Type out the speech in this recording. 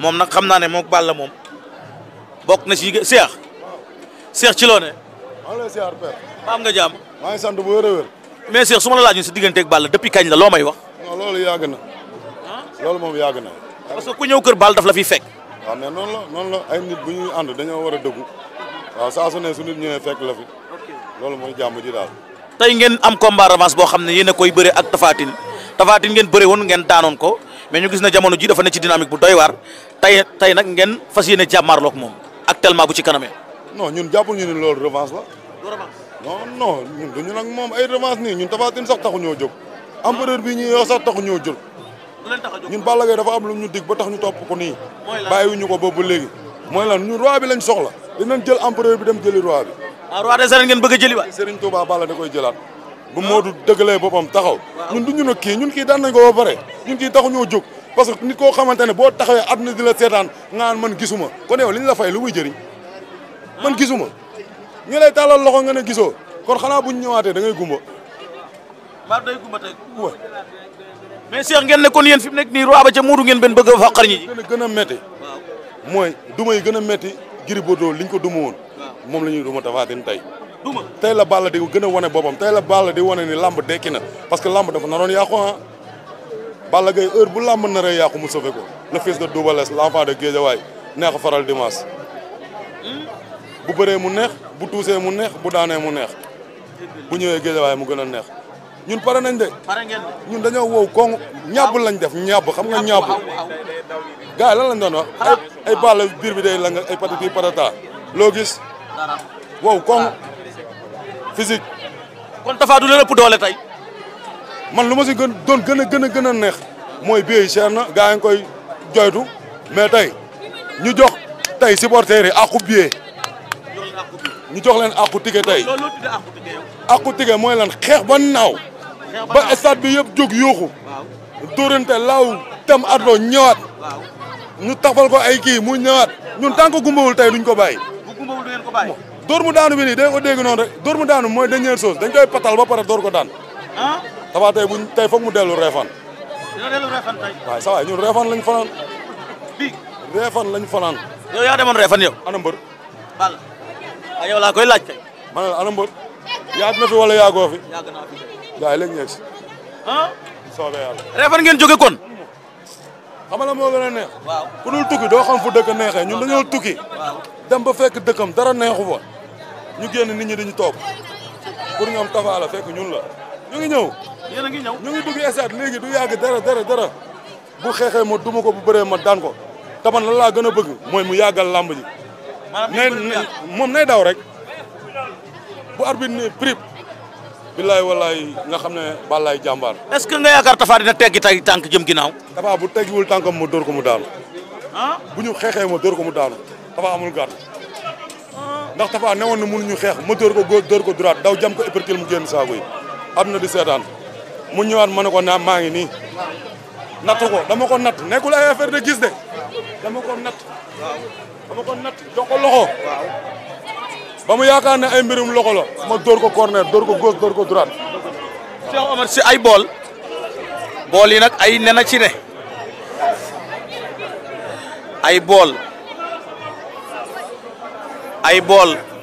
moom nag xam naa ne moom Balla moom bokk na ci Cheikh Cheikh ci loo ne. maa ngi lay maa am nga jàmm. maa ngi sant bu wér a wér. mais Cheikh su ma la laajoon sa digganteeg Balla depuis kañ la loo may wax. non loolu yàgg na. Ah? loolu moom yàgg na. parce que ku ñëw kër Balla daf la fi fekk. waaw ah, mais noonu la noonu la ay nit bu ñuy ànd dañoo war a dëggu waaw saa su ne su nit ñëwee fekk la fi loolu mooy jàmm ji daal. tey ngeen am combat revanche boo xam ne yéen a koy bëre ak Tapha Tine Tapha ngeen bëre woon ngeen daanoon ko mais ñu gis na jamono ji dafa ne ci dynamique bu doy war tay tay nak ngeen fas yéene mom ak actuellement bu ci kanamé non ñun jappu ñu ne loolu revanche la. do revanche non non ñun duñu nak mom ay revanche ni ñun Tapha sax taxu ñoo jog empereur bi ñi yo sax taxu ñoo jóg. ñun balagé dafa am lu ñu dig ba tax ñu top ko nii. bàyyiwuñu ko bobu ba moy lan ñu roi bi lañ soxla. dinañ jël empereur bi dem jël roi bi. Ah, roi de arènes ngeen bëgg jëli wa Serigne Touba Balla da koy jëlat bu du dëggalee boppam taxaw ñun du ñun a kii ñun kii daan nañ ko ba pare ñun kii taxu ñoo jóg parce que nit koo xamante ne boo taxawee àdduna di la seetaan ngaan man gisuma kon yow li ñu la fay lu muy jëriñ man gisuma ñu lay tàllal loxo nga ne gisoo kon xanaa buñ ñëwaatee da ngay gumba maa day gumba tey wa mais Cheikh ngeen ne kon yéen fi mu nekk nii roi ba ca Modou ngeen benn bëgg a fàqar ñi a gën a métti mooy duma yi gën a métti Gris Bordeaux liñ ko duma woon moom la ñuy duma Tapha Tine tey tey la Balla di gën a wane boppam ni lamb dekki parce que lamb dafa naroon yàqu ah Balla Gaye heure bu lamb nar a mu sauvé ko le fils de Double Less l'enfant de neex a faral dimanche hmm? bu bëree mu neex bu tuusee mu neex bu daanee mu neex bu ñëwee Guédiawaye mu gën a neex ñun pare nañ de ñun dañoo wow koŋ ñàbb lañ def ñàbb xam nga ñàbb gars yi lan lañ doon wax ay ay Balla bi day la nga ay patati patata loo wow koŋ physique. kon Tapha du leen ëpp doole tey. man lu ma si gën doon gën a gën a gën a neex mooy biir yi na gaa ngi koy joytu mais tey ñu jox tey supporters yi àqu ñu jox leen àqu ticket tey àqu ticket mooy lan xeex ba naaw ba stade bi yëpp jóg yuuxu dóorante laaw tam atloo ñëwaat ñu taxal ko ay kii mu ñëwaat ñun tant que gumbawul tey duñ ko bàyyi. bu gumbawul du ko dóor mu daanu bi nii da ko dégg noonu rek dóor mu daanu mooy dernière chose dañ koy patal ba pare dóor ko daan. ah. Tapha tey buñ tey foog mu dellu reefan. dina dellu waay ñun reefan lañ fanaan. bii. reefan lañ fanaan. yow yaa demoon reefan yow. ana mbër. Balla. ah yow laa koy laaj kay. ma ne la ana mbër. yaa na fi wala yaa a ah? kon. xam nga moo a neex. waaw ku dul tukki doo xam dëkk neexee ñun dañoo tukki. dem ba fekk dëkkam dara neexu fa. ñu génn nit ñi dañu toog pour ñoom Tapha la fekk ñun la ñu ngi ñëw. yéen a ngi ñëw ñu ngi dugg esaat léegi du yàgg dara dara dara bu xeexee ma duma ko bu bëree ma daan ko taman na laa gën a bëgg mooy mu yàggal làmb ji. maanaam moom nay daw rek bu arbitre ne prip billaay walaay nga xam ne bàllaay jàmbaar. est-ce que nga yaakaar Tapha na teggi tay tànk jëm ginnaaw. Tapha bu teggiwul tànkam moo dóor ko mu daanu. Ah? bu ñu xeexee moo dóor ko mu daanu Tapha amul gàtt. ndax Tapha ne woon na mënuñu xeex ma dóor ko góor dóor ko droite daw jam ko épercule mu génn saako yi am na di seetaan mu ñëwaat ma ne ko naam maa ngi nii natt ko dama ko natt nekkul ay affaire de gis de dama ko natt dama ko ko loxo ba mu yaakaar ne ay mbirum loxo la ma dóor ko corner dóor ko gauche dóor ko droite si ay bool bool yi nag ay nena ci ne ay bool eyeball